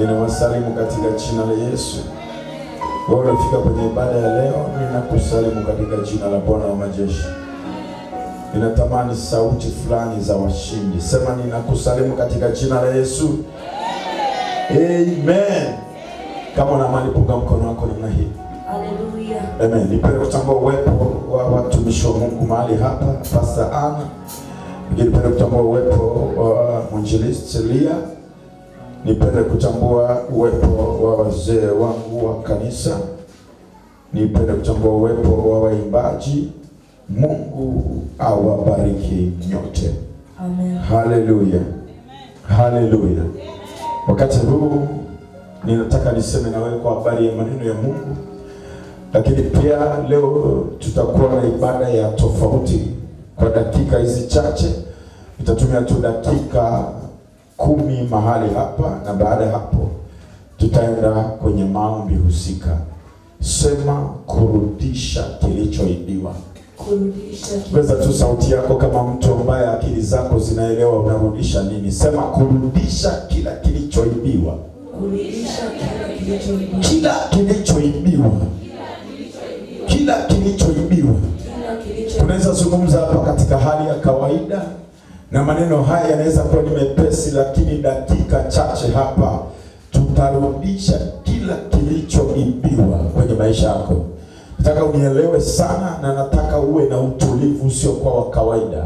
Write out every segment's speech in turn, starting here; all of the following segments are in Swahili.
ninawasalimu katika jina la Yesu. Wewe unafika kwenye ibada ya leo, ninakusalimu katika jina la Bwana wa majeshi. Ninatamani sauti fulani za washindi, sema ninakusalimu katika jina la Yesu. Amen. Kama unaamini, punga mkono wako namna hii. Haleluya. Amen. Nipende kutambua uwepo wa watumishi wa Mungu mahali hapa, Pastor Anna. Nipende kutambua uwepo wa mwinjilisti Lia nipende kutambua uwepo wa wazee wangu wa kanisa, nipende kutambua uwepo wa waimbaji. Mungu awabariki nyote. Amen. Haleluya. Haleluya. Wakati huu ninataka niseme na wewe kwa habari ya maneno ya Mungu, lakini pia leo tutakuwa na ibada ya tofauti. Kwa dakika hizi chache, nitatumia tu dakika kumi mahali hapa, na baada ya hapo tutaenda kwenye maombi husika. Sema kurudisha kilichoibiwa. Weza tu sauti yako kama mtu ambaye akili zako zinaelewa, unarudisha nini? Sema kurudisha kila kilichoibiwa, kila kilichoibiwa, kila kilichoibiwa. Tunaweza zungumza hapa katika hali ya kawaida na maneno haya yanaweza kuwa ni mepesi, lakini dakika chache hapa tutarudisha kila kilichoibiwa kwenye maisha yako. Nataka unielewe sana, na nataka uwe na utulivu usiokuwa wa kawaida,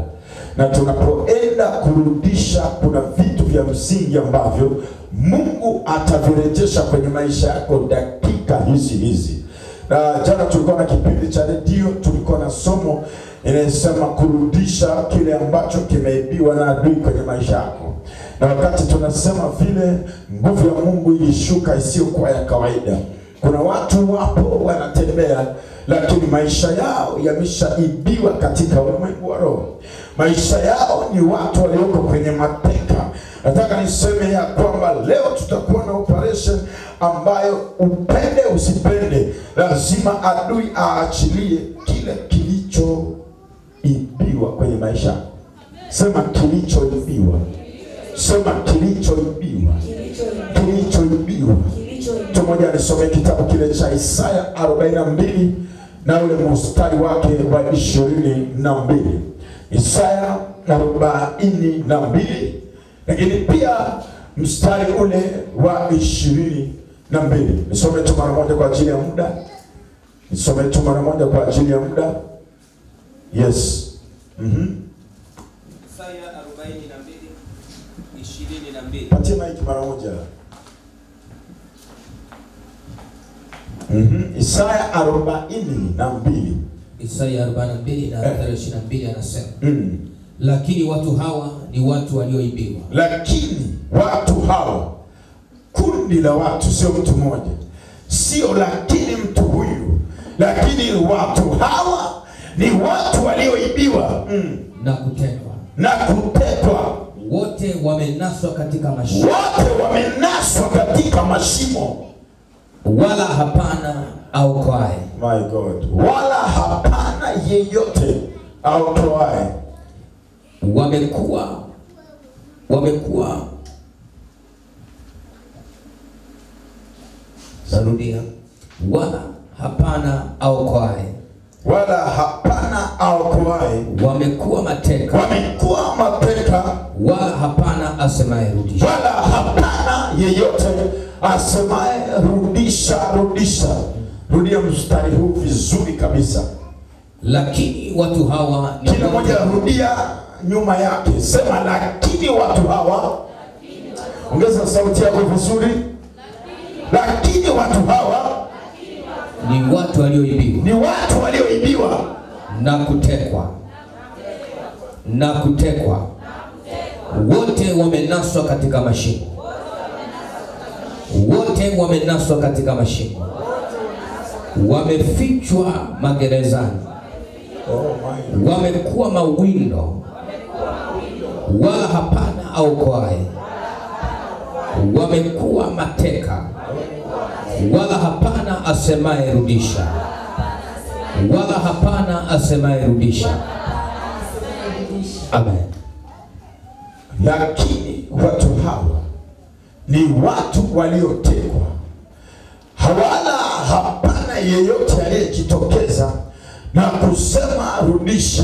na tunapoenda kurudisha, kuna vitu vya msingi ambavyo Mungu atavirejesha kwenye maisha yako dakika hizi hizi na jana tulikuwa na kipindi cha redio, tulikuwa na somo inayosema kurudisha kile ambacho kimeibiwa na adui kwenye maisha yako. Na wakati tunasema vile, nguvu ya Mungu ilishuka isiyokuwa ya kawaida. Kuna watu wapo wanatembea lakini maisha yao yameshaibiwa katika ulimwengu wa roho. Maisha yao ni watu walioko kwenye mateka. Nataka niseme ya kwamba leo tutakuwa na operation ambayo upende usipende, lazima adui aachilie kile kilichoibiwa kwenye maisha. Sema kilichoibiwa, sema kilichoibiwa, kilichoibiwa. Mtu mmoja alisome kitabu kile cha Isaya 42 na ule mstari wake wa ishirini na mbili Isaya 42 na lakini pia mstari ule wa ishirini na mbili. Nisome tu mara moja kwa ajili ya muda, nisome tu mara moja kwa ajili ya muda. Yes. Mhm. Isaya 42:22. Patie maiki mara moja. Mhm. Isaya mbili Isaya 42 na mbili na eh. na mbili anasema. Mhm. Lakini watu hawa ni watu walioibiwa. Lakini watu hawa kundi la watu, sio mtu mmoja, sio lakini mtu huyu, lakini watu hawa ni watu walioibiwa mm. na kutekwa na kutekwa wote wamenaswa katika mashimo, wote wamenaswa katika mashimo, wala hapana aokoaye. My God, wala hapana yeyote aokoaye. Wamekuwa wamekuwa Narudia, wala hapana aokoaye, wala hapana aokoaye, wamekuwa mateka, wamekuwa mateka, wala hapana asemaye rudisha, wala hapana yeyote asemaye rudisha, rudisha. Rudia mstari huu vizuri kabisa. Lakini watu hawa kila mmoja, rudia nyuma yake, sema lakini watu hawa, ongeza sauti yako vizuri lakini watu hawa ni watu walioibiwa, ni watu walioibiwa na kutekwa na kutekwa, wote wamenaswa katika mashimo, wote wamenaswa katika mashimo, wamefichwa magerezani, wamekuwa mawindo, wala hapana aokoaye, wamekuwa mateka wala hapana asemaye rudisha, wala hapana asemaye rudisha. Amen. Lakini watu hawa ni watu waliotekwa, hawala hapana yeyote aliyejitokeza na kusema rudisha.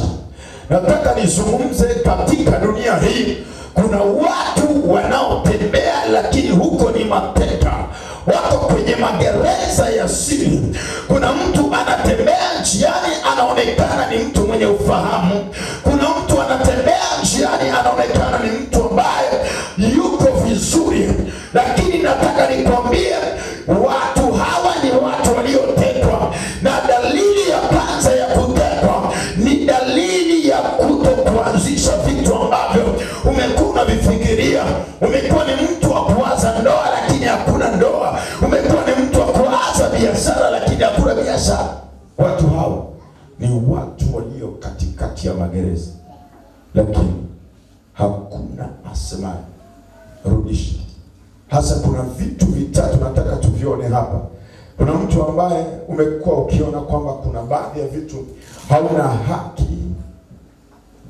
Nataka nizungumze katika dunia hii kuna watu wanaotembea lakini huko ni mateka, wako kwenye magereza ya siri. Kuna mtu anatembea njiani anaonekana ni mtu mwenye ufahamu. Kuna mtu anatembea njiani anaonekana ni mtu ambaye yuko vizuri, lakini nataka nikwambie watu gereza. Watu hao ni watu walio katikati ya magereza, lakini hakuna asemaye rudisha. Hasa kuna vitu vitatu nataka tuvione hapa. Kuna mtu ambaye umekuwa ukiona kwamba kuna baadhi ya vitu hauna haki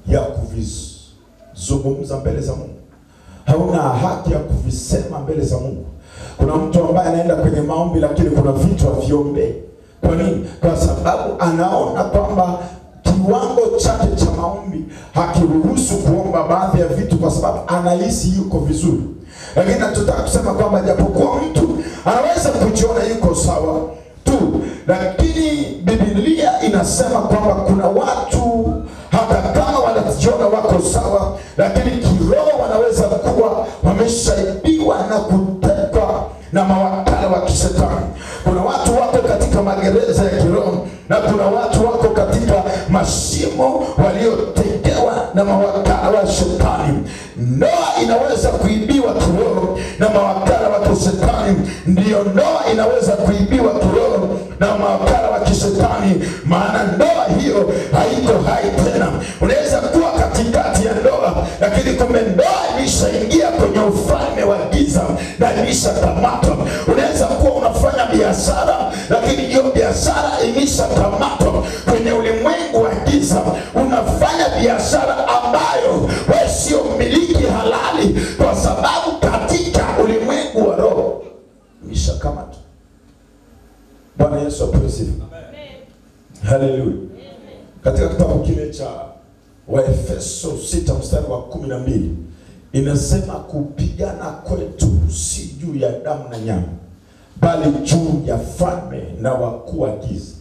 ya kuvizungumza mbele za Mungu, hauna haki ya kuvisema mbele za Mungu. Kuna mtu ambaye anaenda kwenye maombi, lakini kuna vitu aviombe kwa nini? Kwa sababu anaona kwamba kiwango chake cha maombi hakiruhusu kuomba baadhi ya vitu, kwa sababu anahisi yuko vizuri. Lakini natutaka kusema kwamba japokuwa mtu anaweza kujiona yuko sawa tu, lakini Biblia inasema kwamba kuna watu hata kama wanajiona wako sawa, lakini kiroho wanaweza kuwa wameshaibiwa na kutekwa na mawakala wa kishetani. Kuna watu wako katika magereza ya kiroho, na kuna watu wako katika mashimo waliotengewa na mawakala wa shetani. Ndoa inaweza kuibiwa kiroho na mawakala wa kishetani, ndiyo ndoa inaweza kuibiwa kiroho na mawakala wa kishetani, maana ndoa hiyo haiko hai tena. Unaweza kuwa katikati ya ndoa, lakini kumbe ndoa imeshaingia kwenye ufalme wa giza na ilishakamatwa. Unaweza kuwa unafanya biashara, lakini hiyo biashara ilishakamatwa Inasema kupigana kwetu si juu ya damu na nyama, bali juu ya falme na wakuu wa giza.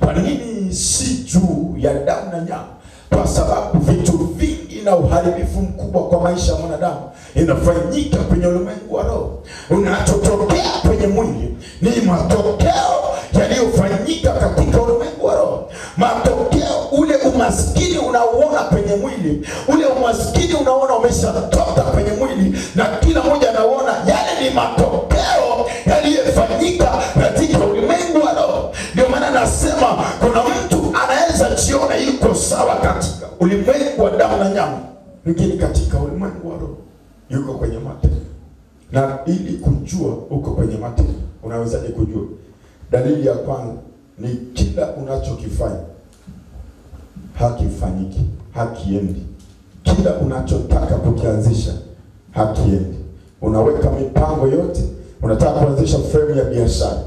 Kwa nini si juu ya damu na nyama? Kwa sababu vitu vingi na uharibifu mkubwa kwa maisha ya mwanadamu inafanyika kwenye ulimwengu wa roho, unachotokea kwenye mwili ni matokeo yaliyofanyika katika ulimwengu wa roho, matokeo umaskini unauona kwenye mwili, ule umaskini unaona umeshatoka kwenye mwili, na kila mmoja anaona yale ni matokeo yaliyofanyika katika ulimwengu wa roho. Ndio maana nasema kuna mtu anaweza jiona yuko sawa katika ulimwengu wa damu na nyama, lakini katika ulimwengu wa roho yuko kwenye mateso. Na ili kujua uko kwenye mateso, unaweza kujua dalili ya kwanza ni kila unachokifanya hakifanyiki, hakiendi. Kila unachotaka kukianzisha, hakiendi. Unaweka mipango yote, unataka kuanzisha fremu ya biashara,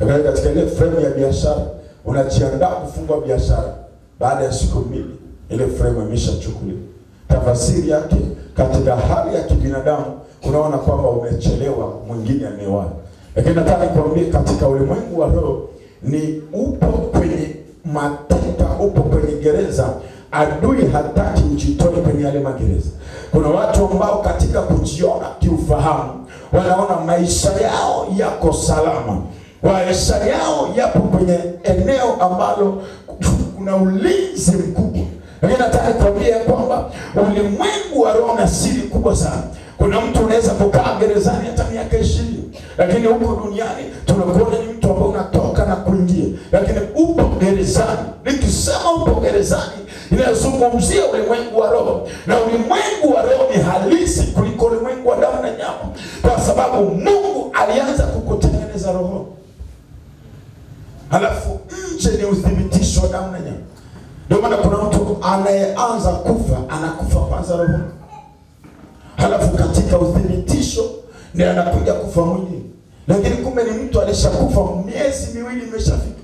lakini katika ile fremu ya biashara unajiandaa kufungua biashara, baada ya siku mbili ile fremu imeshachukuliwa. Tafasiri yake katika hali ya kibinadamu unaona kwamba umechelewa, mwingine amewahi. Lakini nataka nikwambie katika ulimwengu wa roho ni upo kwenye mateka upo kwenye gereza, adui hataki ujitoe kwenye yale magereza. Kuna watu ambao katika kujiona kiufahamu wanaona maisha yao yako salama, maisha yao yapo kwenye eneo ambalo kuna ulinzi mkubwa, lakini nataka kuambia kwamba ulimwengu wa roho na siri kubwa sana kuna mtu unaweza kukaa gerezani hata miaka ishirini, lakini huko duniani tunakuona ni mtu ambaye unatoka na kuingia, lakini upo gerezani. Nikisema upo gerezani, inayozungumzia ulimwengu wa roho, na ulimwengu wa roho ni halisi kuliko ulimwengu wa damu na nyama, kwa sababu Mungu alianza kukutengeneza roho, halafu nje ni uthibitisho wa damu na nyama. Ndio maana kuna mtu anayeanza kufa anakufa kwanza roho halafu katika uthibitisho ndiye anakuja kufa mwili, lakini kumbe ni mtu alishakufa miezi miwili imeshafika,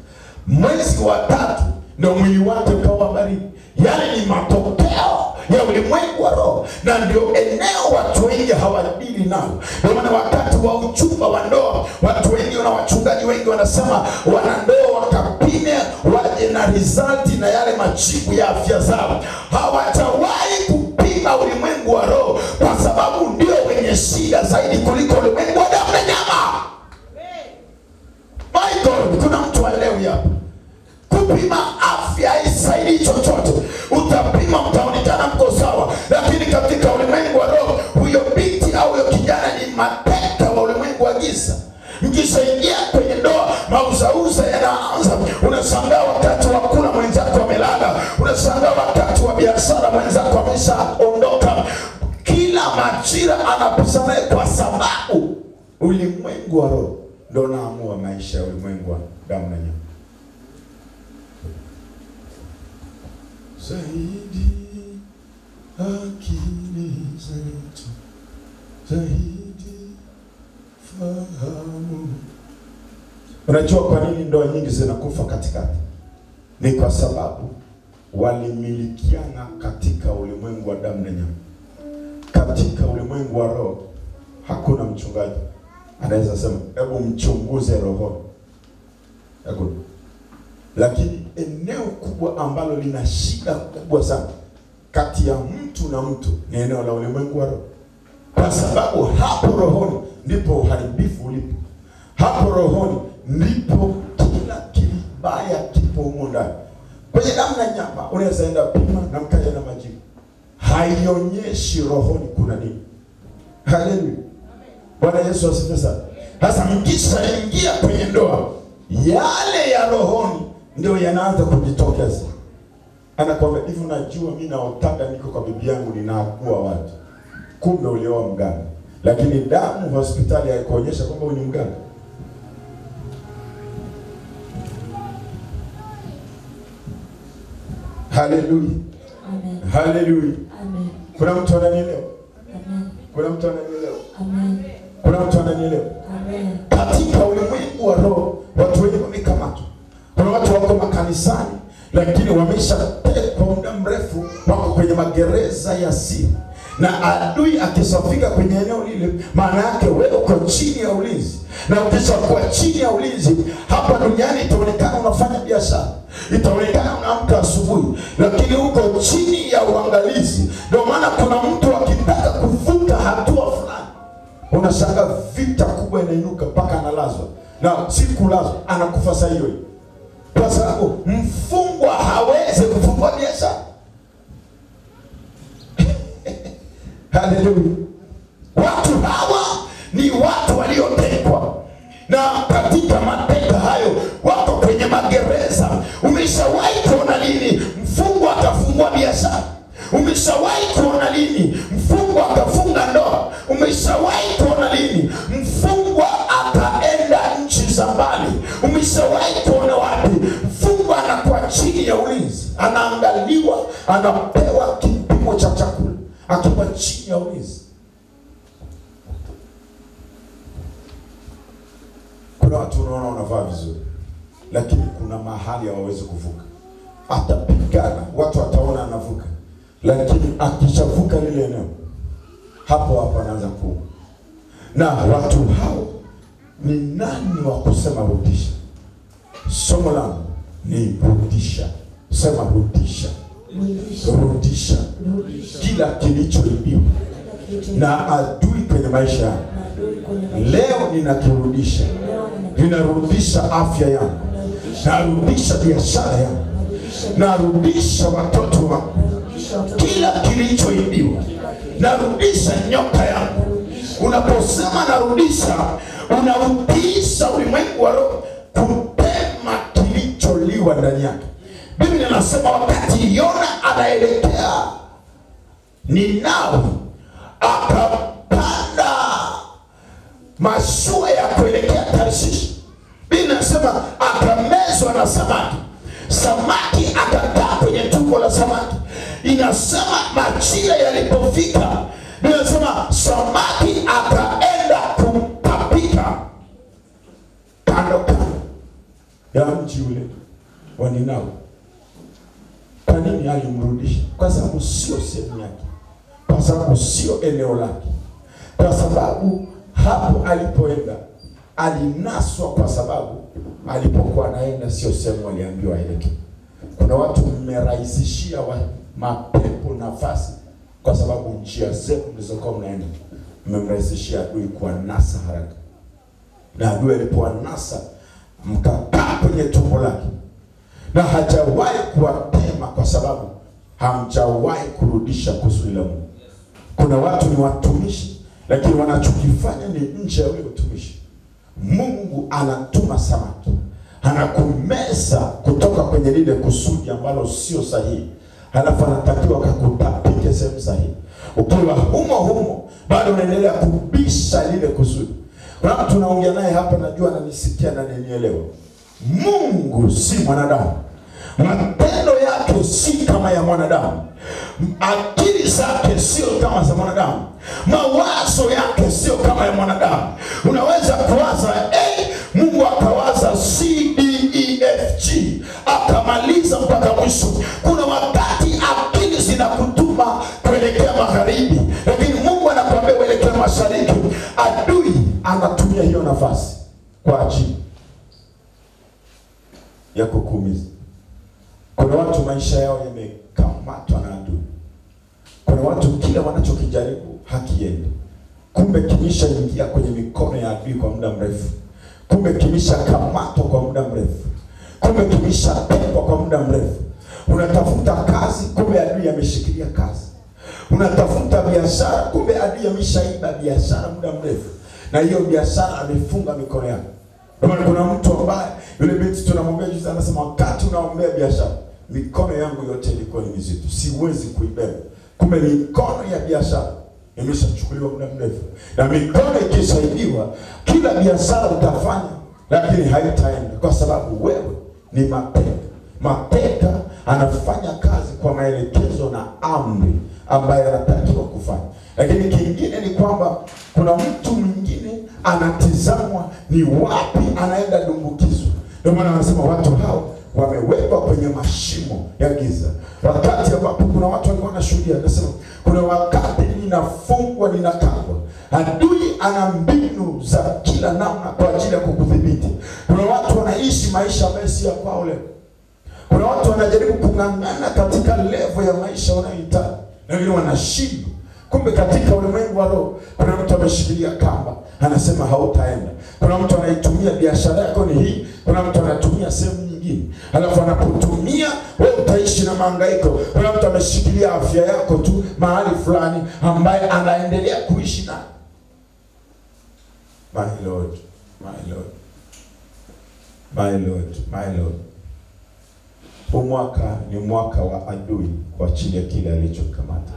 mwezi wa tatu ndio mwili wake ukawa baridi. Yale yaani ni matokeo ya ulimwengu wa roho, na ndio eneo watu wengi hawadili nao. Ndio maana wakati wa uchumba wa ndoa, watu wengi na wachungaji wengi wanasema wana ndoa wakapime, waje na result na yale majibu ya afya zao, hawajawahi katika ulimwengu wa roho, kwa sababu ndio wenye shida zaidi kuliko ulimwengu wa damu na nyama. My God, kuna mtu aelewi hapa. Kupima afya isaidi chochote. Utapima utaonekana mko sawa, lakini katika ulimwengu wa roho, huyo binti au huyo kijana ni mateka wa ulimwengu wa giza. Mkishaingia kwenye ndoa, mauzauza yanaanza, unashangaa wakati wa biashara mwenzako ameshaondoka, kila majira anapishana kwa sababu ulimwengu wa roho ndio naamua maisha ya ulimwengu wa damu na nyama. Zaidi akili zetu, zaidi fahamu. Unajua kwa nini ndoa nyingi zinakufa katikati? Ni kwa sababu walimilikiana katika ulimwengu wa damu na nyama. Katika ulimwengu wa roho hakuna mchungaji anaweza sema hebu mchunguze roho, hakuna. Lakini eneo kubwa ambalo lina shida kubwa sana kati ya mtu na mtu ni eneo la ulimwengu wa roho, kwa sababu hapo rohoni ndipo uharibifu ulipo. Hapo rohoni ndipo kila kibaya kipo humo ndani kwenye damu na nyama, unaweza enda pima na mkaja na majibu. Haionyeshi rohoni kuna nini. Haleluya, Bwana Yesu asifiwe sana. Sasa mkishaingia kwenye ndoa, yale ya rohoni ndio yanaanza kujitokeza. Anakwambia hivi, unajua mimi naotaka niko kwa bibi yangu ninakuwa watu, kumbe ulioa mganga, lakini damu hospitali haikuonyesha kwamba ni mganga. Haleluya. Amen. Haleluya. Amen. Kuna mtu ananielewa? Amen. Kuna mtu ananielewa? Amen. Kuna mtu ananielewa? Amen. Katika ulimwengu wa roho watu wengi wamekamatwa. Kuna watu wako makanisani lakini wameshatekwa muda mrefu, wako kwenye magereza ya siri na adui akisafika kwenye eneo lile, maana yake wewe uko chini ya ulinzi, na ukishakuwa chini ya ulinzi hapa duniani itaonekana unafanya biashara, itaonekana unaamka asubuhi, lakini uko chini ya uangalizi. Ndio maana kuna mtu akitaka kuvuka hatua fulani, unashanga vita kubwa inainuka mpaka analazwa, na si kulazwa, anakufa saa hiyo, kwa sababu mfungwa hawezi kufungua biashara Haleluya! Watu hawa ni watu waliotekwa, na katika mateka hayo wako kwenye magereza. Umeshawahi kuona lini mfungwa akafungua biashara? Umeshawahi kuona lini mfungwa akafunga ndoa? Umeshawahi kuona lini mfungwa akaenda nchi za mbali? Umeshawahi kuona wapi mfungwa anakuwa chini ya ulinzi, anaangaliwa, anapewa kipimo cha chakula atakuwa chini ya ulinzi. Kuna watu unaona wanavaa vizuri, lakini kuna mahali hawawezi kuvuka. Atapigana, watu wataona anavuka, lakini akishavuka lile eneo, hapo hapo anaanza kuwa na watu hao ni nani wa kusema rudisha? Somo langu ni rudisha, sema rudisha rudisha kila kilichoibiwa na adui kwenye maisha yangu. Leo ninakirudisha, ninarudisha afya yangu, narudisha biashara yangu, narudisha watoto wangu, kila kilichoibiwa narudisha nyoka yangu. Unaposema narudisha, unautiisha ulimwengu wa roho kutema kilicholiwa ndani yake. Biblia nasema wakati Yona anaelekea Ninawi, akapanda mashua ya kuelekea Tarshishi. Biblia nasema akamezwa na samaki, samaki akakaa kwenye tumbo la samaki. Inasema majira yalipofika, Biblia nasema samaki akaenda kutapika kando kando ya mji ule wa Ninawi nini alimrudisha kwa sababu sio sehemu yake, kwa sababu sio eneo lake, kwa sababu hapo alipoenda alinaswa, kwa sababu alipokuwa anaenda sio sehemu aliambiwa aende. Kuna watu mmerahisishia wa mapepo nafasi, kwa sababu njia zenu mlizokuwa mnaenda mmemrahisishia adui kuwa nasa haraka, na adui alipoanasa mkakaa kwenye tumbo lake na hajawahi kuwa mema kwa sababu hamjawahi kurudisha kusudi la Mungu. Kuna watu ni watumishi, lakini wanachokifanya ni nje ya ule utumishi. Mungu anatuma samaki, anakumeza kutoka kwenye lile kusudi ambalo sio sahihi, halafu anatakiwa kakutapike sehemu sahihi. Ukiwa humo humo bado unaendelea kubisha lile kusudi. Kuna mtu tunaongea naye hapa, najua ananisikia na nanielewa. Mungu si mwanadamu. Matendo yake si kama ya mwanadamu, akili zake sio kama za mwanadamu, mawazo yake sio kama ya mwanadamu. Unaweza kuwaza A, eh, Mungu akawaza C, D, E, F, G akamaliza mpaka mwisho. Kuna wakati akili zinakutuma kuelekea magharibi, lakini Mungu anakuambia uelekea mashariki. Adui anatumia hiyo nafasi kwa ajili ya kukuumiza. Kuna watu maisha yao yamekamatwa na adui. Kuna watu kila wanachokijaribu hakiendi, kumbe kimisha ingia kwenye mikono ya adui kwa muda mrefu, kumbe kimisha kamatwa kwa muda mrefu, kumbe kimeshapepwa kwa muda mrefu. Unatafuta kazi, kumbe adui ameshikilia kazi. Unatafuta biashara, kumbe adui ameshaiba biashara muda mrefu, na hiyo biashara amefunga mikono ya Kuna mtu ambaye yule binti tunamwambia juzi, anasema wakati unaombea biashara mikono yangu yote ilikuwa ni mizito, siwezi kuibeba. Kumbe mikono ya biashara imeshachukuliwa muda mrefu, na mikono ikisaidiwa, kila biashara utafanya, lakini haitaenda kwa sababu wewe ni mateka. Mateka anafanya kazi kwa maelekezo na amri ambaye anatakiwa kufanya. Lakini kingine ni kwamba kuna mtu mwingine anatizamwa ni wapi anaenda dumbukizwa. Ndio maana anasema watu mashimo ya giza, wakati ambapo kuna watu walikuwa wanashuhudia, nasema kuna wakati ninafungwa, ninakangwa, adui ana mbinu za kila namna kwa ajili ya kukudhibiti. Kuna watu wanaishi maisha ambayo si ya kwao leo. Kuna watu wanajaribu kung'ang'ana katika levo ya maisha wanayohitaji, na wengine wanashindwa. Kumbe katika ulimwengu wa roho kuna mtu ameshikilia kamba, anasema hautaenda. Kuna mtu anaitumia biashara yako ni hii, kuna mtu anatumia sehemu nyingine, alafu anakutumia wewe, utaishi na mahangaiko. Kuna mtu ameshikilia afya yako tu mahali fulani, ambaye anaendelea kuishi na my Lord, my Lord, my Lord, my Lord. Huu mwaka ni mwaka wa adui ya kile alichokamata.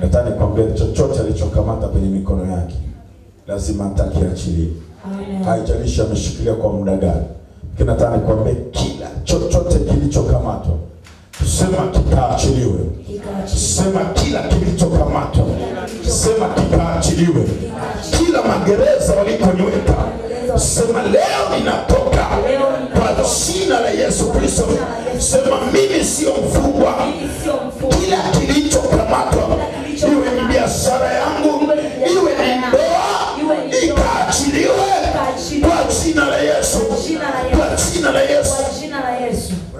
Nataka nikwambie, chochote alichokamata kwenye mikono yake lazima atakiachilie, haijalishi ameshikilia kwa muda gani. Lakini nataka nikwambie kila chochote kilichokamatwa sema kikaachiliwe, sema kila kilichokamatwa sema kikaachiliwe, kila magereza walikoniweka sema leo ninatoka kwa jina la Yesu Kristo. Sema mimi sio mfungwa. Kila kilichokamatwa, iwe ni biashara yangu, iwe ni ndoa, ikaachiliwe kwa jina la Yesu.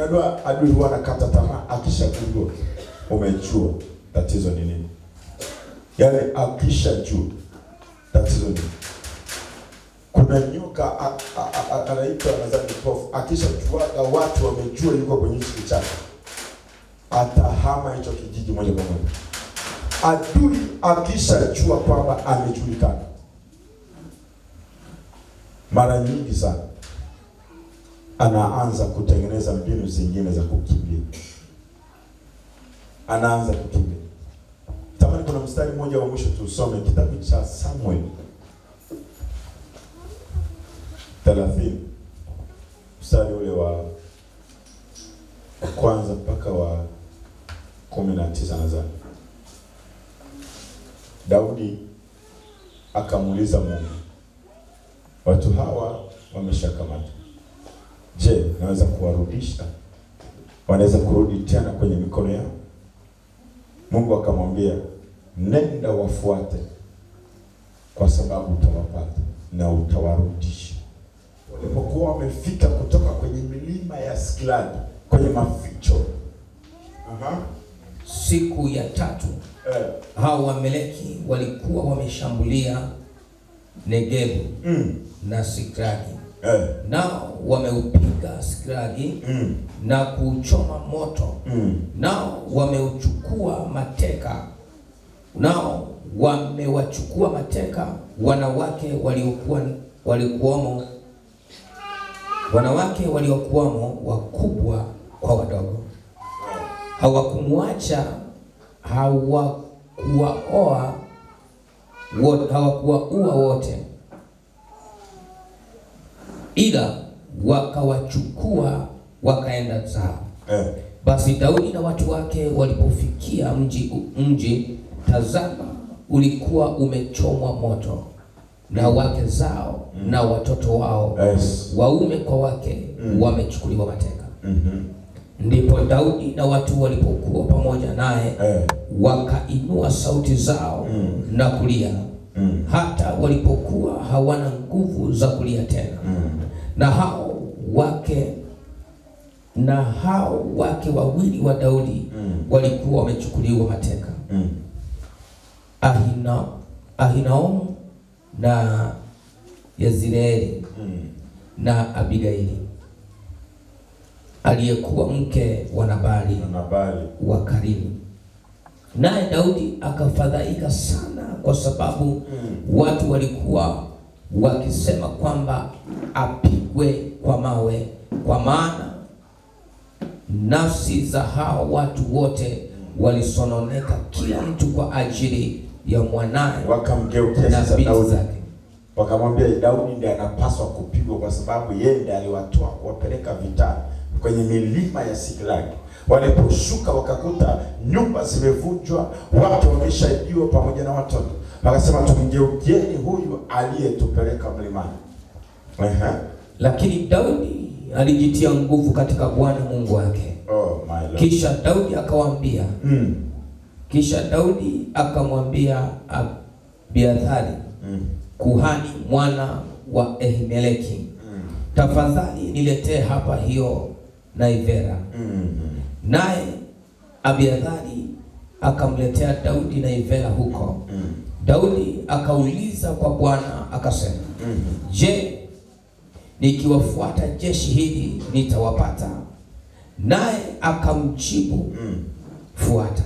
unajua adui huwa anakata tamaa, akishajua umejua tatizo ni nini, yaani akishajua tatizo ni nini. Kuna nyoka anaitwa nadhani pofu, akishajuaga watu wamejua yuko kwenye hichi kichaka, atahama hicho kijiji moja kwa moja. Adui akishajua kwamba amejulikana, mara nyingi sana anaanza kutengeneza mbinu zingine za kukimbia, anaanza kukimbia. Tamani kuna mstari mmoja wa mwisho tusome, kitabu cha Samuel 30 mstari ule wa kwanza mpaka wa kumi na tisa nadhani. Daudi akamuuliza Mungu, watu hawa wameshakamata Je, naweza kuwarudisha? Wanaweza kurudi tena kwenye mikono yao? Mungu akamwambia, nenda wafuate, kwa sababu utawapata na utawarudisha. Walipokuwa wamefika kutoka kwenye milima ya Siklagi, kwenye maficho Aha. Siku ya tatu eh, hao Wameleki walikuwa wameshambulia Negebu mm, na Siklagi Eh. na nao wameupiga Siklagi mm, na kuuchoma moto mm, nao wameuchukua mateka, nao wamewachukua mateka wanawake waliokuwa waliokuwamo wanawake waliokuwamo wakubwa kwa wadogo, hawakumwacha hawakuwaoa hawakuwaua wote ila wakawachukua wakaenda zao. Eh. Basi Daudi na watu wake walipofikia mji, mji tazama, ulikuwa umechomwa moto na wake zao mm. na watoto wao yes. waume kwa wake mm. wamechukuliwa mateka mm -hmm. Ndipo Daudi na watu walipokuwa pamoja naye eh. wakainua sauti zao mm. na kulia mm. hata walipokuwa hawana nguvu za kulia tena mm na hao wake na hao wake wawili wa Daudi mm. walikuwa wamechukuliwa mateka mm. Ahina, Ahinaomu na Yezireeli mm. na Abigaili aliyekuwa mke wa Nabali, Nabali wa Karimu. Naye Daudi akafadhaika sana kwa sababu mm. watu walikuwa wakisema kwamba api wapigwe kwa mawe, kwa maana nafsi za hao watu wote walisononeka, kila mtu kwa ajili ya mwanaye, wakamgeukia na binti zake wakamwambia Daudi ndiye anapaswa kupigwa kwa sababu yeye ndiye aliwatoa kuwapeleka vitani kwenye milima ya Siklagi. Waliposhuka wakakuta nyumba zimevunjwa, watu wameshaibiwa pamoja na watoto, wakasema tumgeukieni huyu aliyetupeleka mlimani. Ehe. Lakini Daudi alijitia nguvu katika Bwana Mungu wake. Oh, my Lord. Kisha Daudi akawaambia mm. Kisha Daudi akamwambia Abiathari mm. kuhani mwana wa Ehimeleki mm. tafadhali niletee hapa hiyo naivera mm -hmm. naye Abiathari akamletea Daudi naivera huko mm. Daudi akauliza kwa Bwana akasema mm -hmm. Je, nikiwafuata jeshi hili nitawapata. Naye akamjibu mm. fuata,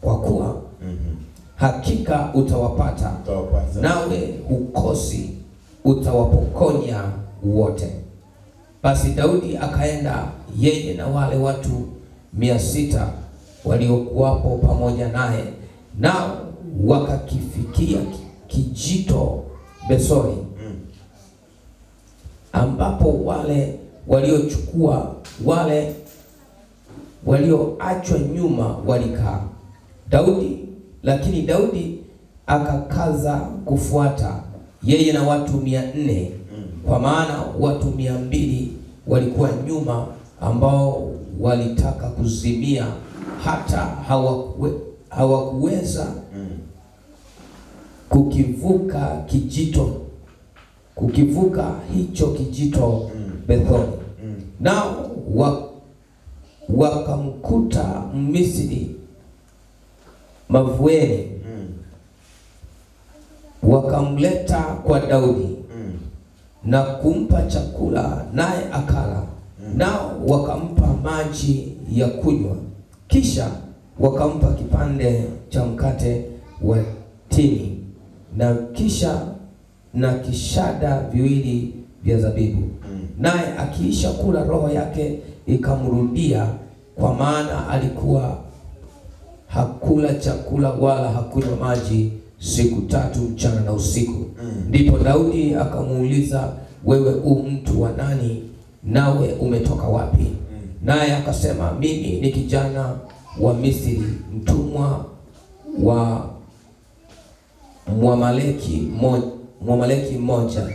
kwa kuwa mm -hmm. hakika utawapata, utawapata, nawe hukosi utawapokonya wote. Basi Daudi akaenda yeye na wale watu mia sita waliokuwapo pamoja naye, nao wakakifikia kijito Besori ambapo wale waliochukua wale walioachwa nyuma walikaa. Daudi lakini Daudi akakaza kufuata yeye na watu mia nne kwa maana watu mia mbili walikuwa nyuma ambao walitaka kuzimia hata hawakuwe, hawakuweza mm. kukivuka kijito kukivuka hicho kijito mm. Bethoni mm. nao wakamkuta Misri mavueni mm. wakamleta kwa Daudi na kumpa chakula naye akala nao wakampa maji ya kunywa, kisha wakampa kipande cha mkate wa tini na kisha na kishada viwili vya zabibu mm. Naye akiisha kula, roho yake ikamrudia, kwa maana alikuwa hakula chakula wala hakunywa maji siku tatu mchana na usiku. Mm. Ndipo mm. Daudi akamuuliza, wewe u mtu wa nani, nawe umetoka wapi? mm. Naye akasema, mimi ni kijana wa Misri, mtumwa wa Mwamaleki mmoja Mwamaleki mmoja,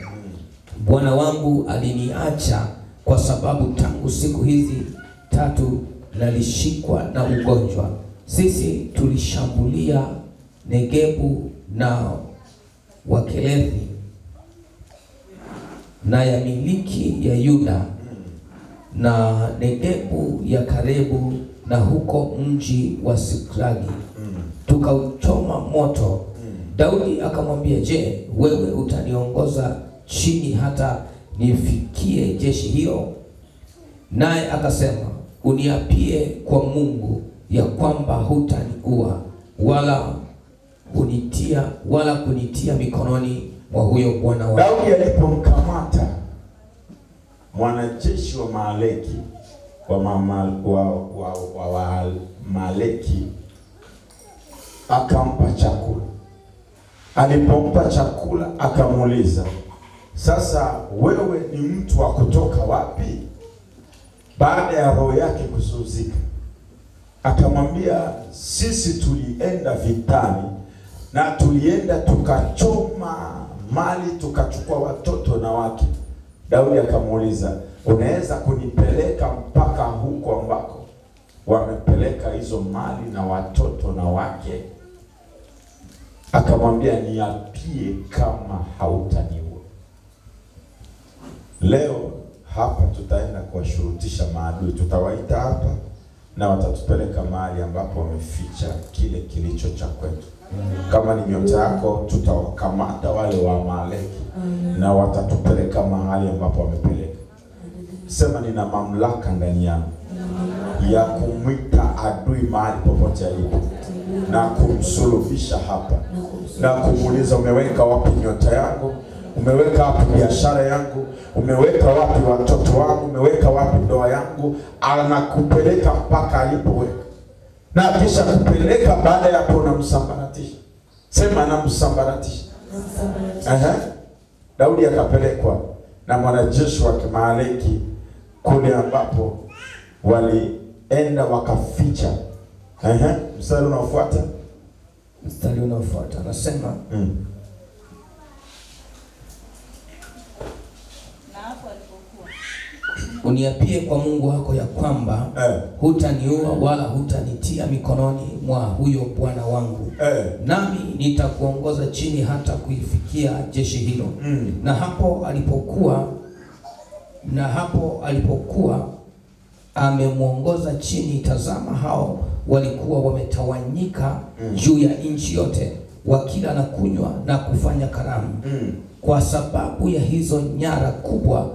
bwana wangu aliniacha kwa sababu tangu siku hizi tatu nalishikwa na ugonjwa. Sisi tulishambulia Negebu na Wakelethi na ya miliki ya Yuda na Negebu ya karibu na huko mji wa Siklagi tukauchoma moto Daudi akamwambia, je, wewe utaniongoza chini hata nifikie jeshi hiyo Naye akasema, uniapie kwa Mungu ya kwamba hutaniua wala kunitia wala kunitia mikononi mwa huyo bwana wa Daudi. Alipomkamata mwanajeshi wa Maaleki wa Waamaleki wa, wa, wa, wa, wa, akampa chakula Alipompa chakula akamuuliza, sasa wewe ni mtu wa kutoka wapi? Baada ya roho yake kuzuzika, akamwambia sisi tulienda vitani na tulienda tukachoma mali tukachukua watoto na wake. Daudi akamuuliza, unaweza kunipeleka mpaka huko ambako wamepeleka hizo mali na watoto na wake? akamwambia niapie kama hautaniua. Leo hapa tutaenda kuwashurutisha maadui, tutawaita hapa na watatupeleka mahali ambapo wameficha kile kilicho cha kwetu. Kama ni nyota yako, tutawakamata wale wa Amaleki na watatupeleka mahali ambapo wamepeleka. Sema, nina mamlaka ndani yangu ya kumwita adui mahali popote alipo na kumsulubisha hapa na kumuuliza, umeweka wapi nyota yangu? Umeweka wapi biashara yangu? Umeweka wapi watoto wangu? Umeweka wapi ndoa yangu? Anakupeleka mpaka alipoweka, na kisha kupeleka. Baada ya hapo, msambarati Sema, namsambaratisha. Daudi akapelekwa na mwanajeshi wa Kimaleki kule ambapo walienda wakaficha Aha, uh-huh. mstari unaofuata. Mstari unaofuata anasema mm. Uniapie kwa Mungu wako ya kwamba eh, hutaniua wala hutanitia mikononi mwa huyo bwana wangu eh, nami nitakuongoza chini hata kuifikia jeshi hilo mm. Na hapo alipokuwa na hapo alipokuwa amemwongoza chini, tazama hao walikuwa wametawanyika mm. juu ya nchi yote wakila na kunywa na kufanya karamu mm. kwa sababu ya hizo nyara kubwa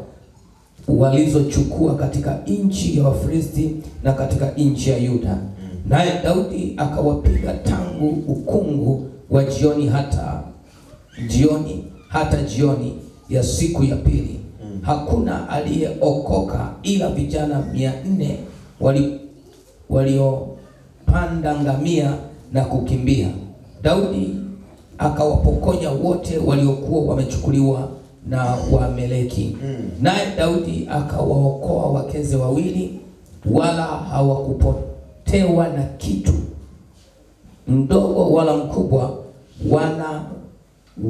walizochukua katika nchi ya Wafilisti na katika nchi ya Yuda mm. naye Daudi akawapiga tangu ukungu wa jioni hata jioni hata jioni ya siku ya pili mm. hakuna aliyeokoka ila vijana mia nne walio akapanda ngamia na kukimbia. Daudi akawapokonya wote waliokuwa wamechukuliwa na wameleki hmm. naye Daudi akawaokoa wakeze wawili, wala hawakupotewa na kitu mdogo wala mkubwa, wana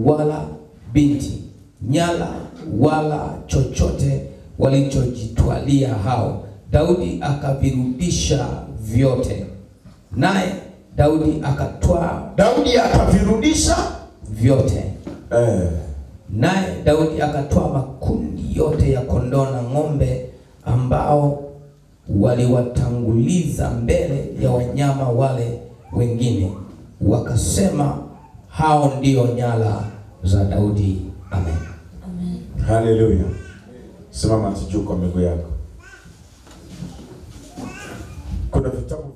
wala binti, nyala wala chochote walichojitwalia hao. Daudi akavirudisha vyote naye Daudi akatwaa, Daudi akavirudisha vyote eh. Naye Daudi akatwaa makundi yote ya kondoo na ng'ombe ambao waliwatanguliza mbele ya wanyama wale wengine, wakasema hao ndio nyala za Daudi. Amen, amen, haleluya. Simama, tujuko miguu yako, kuna vitabu